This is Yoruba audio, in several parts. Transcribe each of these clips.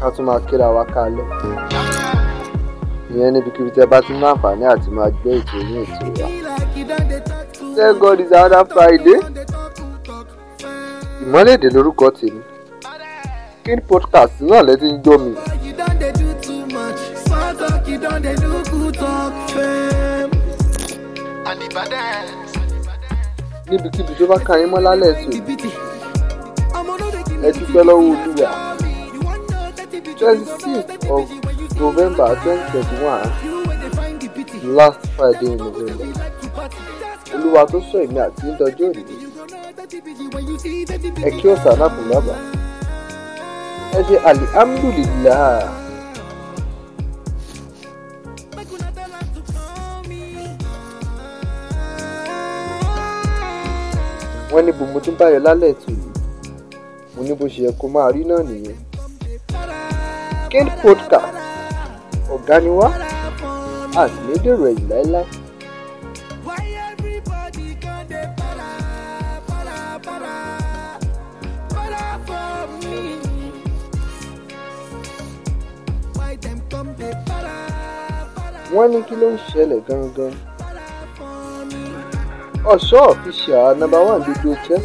ká tún máa kíra wa kalẹ̀ ìyẹn níbikíbi tẹ́ bá tún ní àti máa gbé ètò ní ètò wa. Thank God is another Friday. Ìmọ̀lẹ́dè lórúkọ tèmi King podcast náà lẹ́tí ń jó mi. níbikíbi tó bá ka yín mọ́ lálẹ́ ètò ẹ dúpẹ́ lọ́wọ́ Olúwa. 26th of November 2021, last Friday in November. Olúwa tó sọ èmi àti ìdọ́jọ́ òní. Ẹ kí ọ̀sán náà fún bàbá. Ẹ ṣe alihamdulilayi. wọ́n ní bò mo tún báyọ̀ lálẹ́ ètò mo ní bó ṣe yẹ kó máa rí náà nìyẹn Arcade Podcast ọ̀gá ni wá àti ní dèrò ẹ̀yìn láéláé. wọ́n ní kí ló ń ṣẹlẹ̀ gangan. ọ̀ṣọ́ ọ̀fíṣà nọ́mbà wán gbogbo jẹ́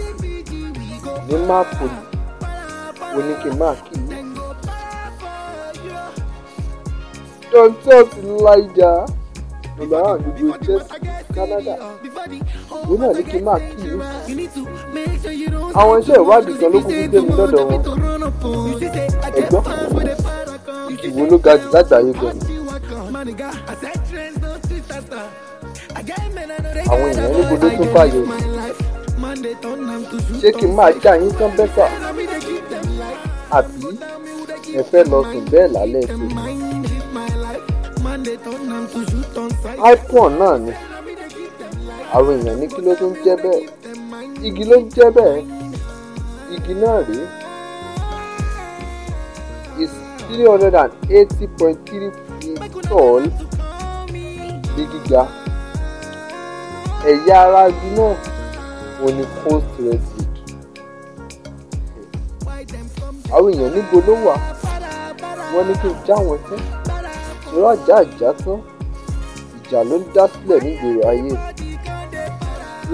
ní máàpù oníkè máàkì Content Liger. Number one, you go chess Canada. Òun náà ní kí n máa kí ìlú. Àwọn iṣẹ́ ìwádìí kan ló kún fún Tẹ́mi lọ́dọ̀ wọn. Ẹ̀gbọ́n ìwò ló ga jù lágbàáyé gan. Àwọn èèyàn ní gbogbo tún fàyè. Ṣé kí n máa já yín tán bẹ́fà? Àbí ẹ fẹ́ lọ sùn bẹ́ẹ̀ lálẹ́ fún ipon náà ni àwọn èèyàn ní kí ló tún jẹ́ bẹ́ẹ̀ igi ló ń jẹ́ bẹ́ẹ̀ igi náà rèé is three hundred and eighty point three feet tall ní gíga ẹ̀yà ara igi náà wọ́n ní coast refuge àwọn èèyàn níbo ló wà wọ́n kí n já wọn sí irọ́ àjá àjá tán ìjà ló ń dá sílẹ̀ nígboro ayé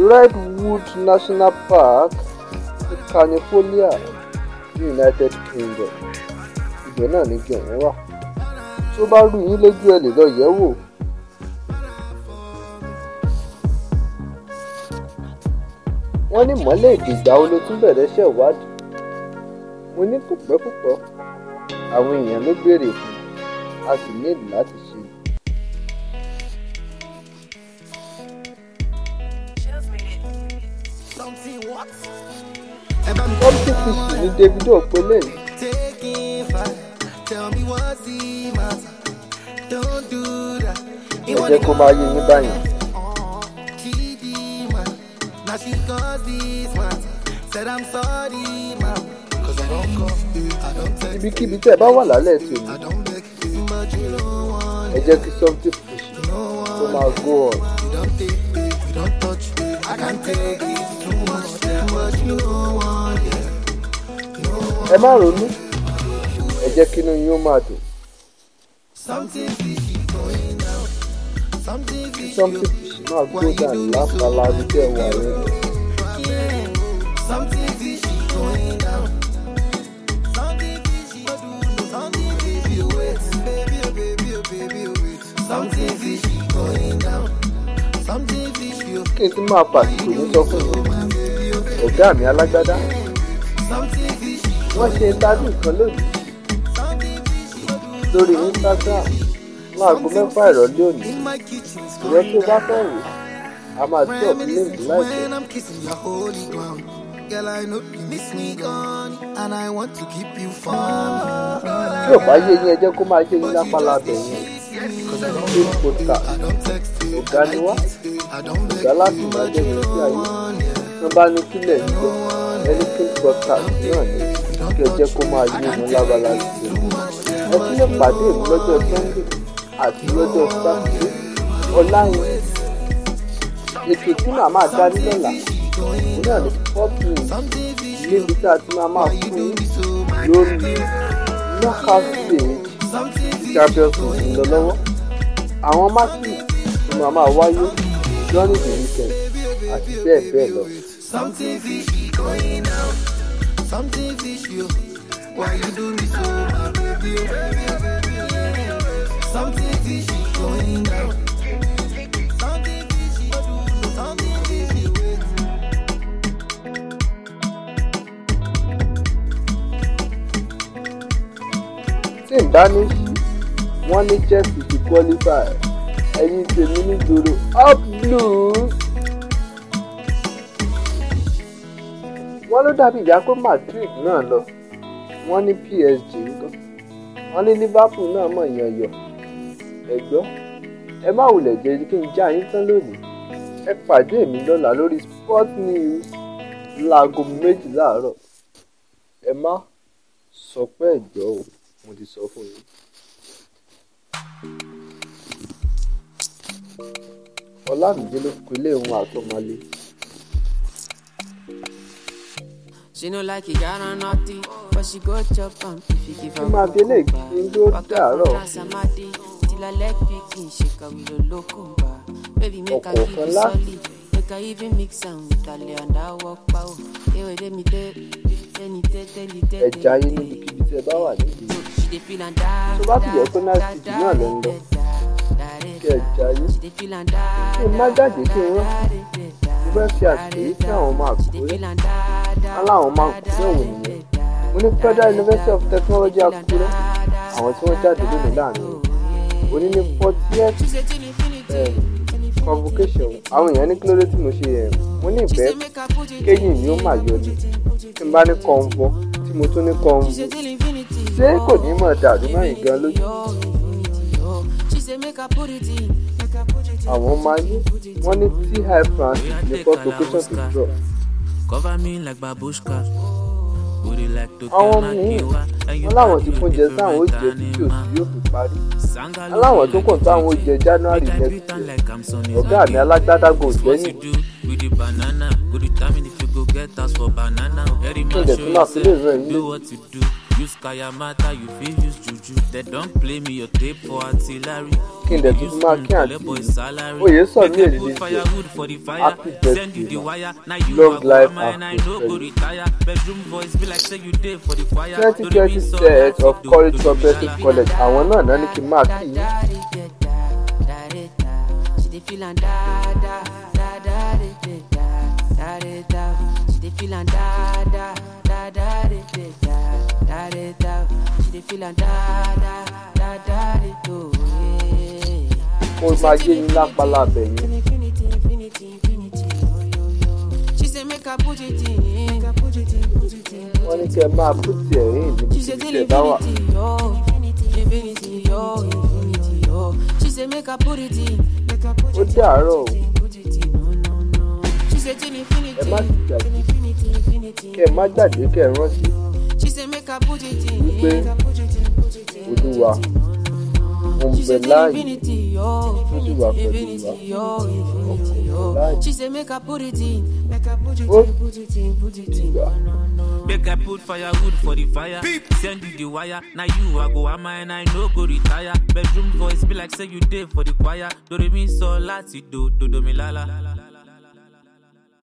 Redwood National Park ní California ní United Kingdom ibẹ̀ náà ni gẹ̀ẹ́n wà tó bá rú yín lójú ẹ lè lọ yẹ̀ wò. wọ́n ní mọ́lẹ̀ ìdìgbà wo ló tún bẹ̀rẹ̀ ṣèwádìí mo ní kò pẹ́ púpọ̀ àwọn èèyàn ló béèrè fún a sì nílò láti ṣe. Something fishy ni Davido pé lẹ́yìn. Ẹ jẹ́ kó máa yé ní báyìí. Now she calls this man, said I'm sorry, ma'am. Cause I don't call you, I don't text you. Ibikíbi tẹ́ ẹ bá wà lálẹ́ tèmi ẹ jẹ́ kí something push tó máa go on. ẹ má ronú ẹ jẹ́ kí inú yín ó máa dùn. kí something push máa go down láfàlà níbi ẹ̀wọ̀n rẹ̀. kí n tún máa fàsìkò yìí sọ fún mi ọ̀gá mi alágbádá wọ́n ṣe tájú kan lónìí lórí instagram láago mẹ́fà ìrọ̀lẹ́ òní ìyẹn tó bá fẹ́ rè a máa tí ọ̀pọ̀ ní ìlú láìpẹ́. Girl, I you miss me gone, and I you far. Tí ò bá yé yín ẹ jẹ́ kó máa yé yín lápá lábẹ́ yín. Ṣé kò ta? Ọ̀gá ni wá galaxy máa jẹ́ ìwé ayé tó bá ní sílẹ̀ gbọ́ anything náà ni kí ẹ jẹ́ kó máa yé mi lábala sí ẹ tún lè pàdé lọ́jọ́ sunday àti lọ́jọ́ sátidé ọláyin ètò tí màmá dá nílọ́la náà ní pọ́pù níbi tí a ti máa máa fún yín lórí lọ́kàfíè gabriel kò ń lọ lọ́wọ́ àwọn mákì ni màmá wáyé during the weekend àti bẹ́ẹ̀ bẹ́ẹ̀ lọ. something fishy going on something fishy o why you do me so my baby o baby going on. something fishy do something qualify ẹ̀yin tèmi nígboro up blues. wọ́n ló dàbí ìyá pé Madrid náà lọ wọ́n ní PSG ń wọ́n ní Liverpool náà mọ̀ yànyàn ẹ gbọ́ ẹ má wulẹ̀ jẹ́ kí n já yín tán lónìí ẹ pàdé mi lọ́la lórí sport news láago méjì láàárọ̀ ẹ má sọ pé ẹ̀gbọ́ o mo ti sọ fún yín. ọlámìdé ló pilé òun àtọmọlé. She no like it, got on nothing, but she go chop am if you give her more, back. Fuck up from Asamadi, till I leg picking, shake her with a lokumba. Baby, make her give you solid, make her even mix am with her lay and her walk bow. Ewe de mi de, tẹni tẹ tẹni tẹ tẹni tẹ. Ẹja yín níbi kíbi ẹ bá wà níbi. Tó bá fi yẹ kó náà sì jù náà lẹ́nu kẹ́ ẹ jayé kí n má jáde kí n rán mo fẹ́ fi àṣírí sí àwọn ọmọ àkúrẹ́ aláwọn ọmọ àkúrẹ́ wò nìyẹn mo ní federal university of technology àkúrẹ́ àwọn tí wọ́n jáde lónìí láàrin o ní ní fortieth eh, convocation àwọn èèyàn ní kí ló dé tí mo ṣe ẹ̀ eh, mo ní ìfẹ́ kéyìn ni ó mà yọ ni tí n bá ní kọ́ńvọ́ tí mo tún ní kọ́ńvọ́ ṣé kò ní mọ̀ dàrú mẹ́rin gan lójú àwọn Mali wọ́n ní ti high Francis ní consultation to drop. àwọn míì wọ́n láwọn ti fún jẹ sáwọn oúnjẹ tí kò sí yóò fi parí aláwọ̀ tó kàn sáwọn oúnjẹ January next year ọ̀gá àmì alágbádágò jẹ́yìn with the banana. Go determine if you get us for banana. Every use kayamata you fit use juju dem don play me your tape for artillery you use moon collect salary make dem put firewood for the fire send you the wire na you agwama and i no go retire bedroom voice be like say you dey for the choir. twenty twenty set of college comprehensive college àwọn náà náà ní kí n máa kí i. Feeling da da da da da da da da da da da da da feeling da da da da di do ye. Ó máa yé yín lápálá bẹ̀ yín. Infinity infinity infinity oyoyo. She say make I put it in. Make I put it in put it in. Wọ́n ní kẹ́ máa put it in níbi tí ìṣẹ̀ bá wà. Infinity yo infinity yo. She say make I put it in. Make I put it in. Ó dàárọ̀ o ẹ má gbàgbé kẹ má gbàgbé kẹ rántí wípé olúwa mo ń oh, infinity, oh, infinity, oh. She said make a put it in, Make I put oh. firewood for the fire. Beep. Send you the wire. Now you I go am and I no go retire. Bedroom voice be like say you did for the choir. Do re mi so la si do do do mi la la.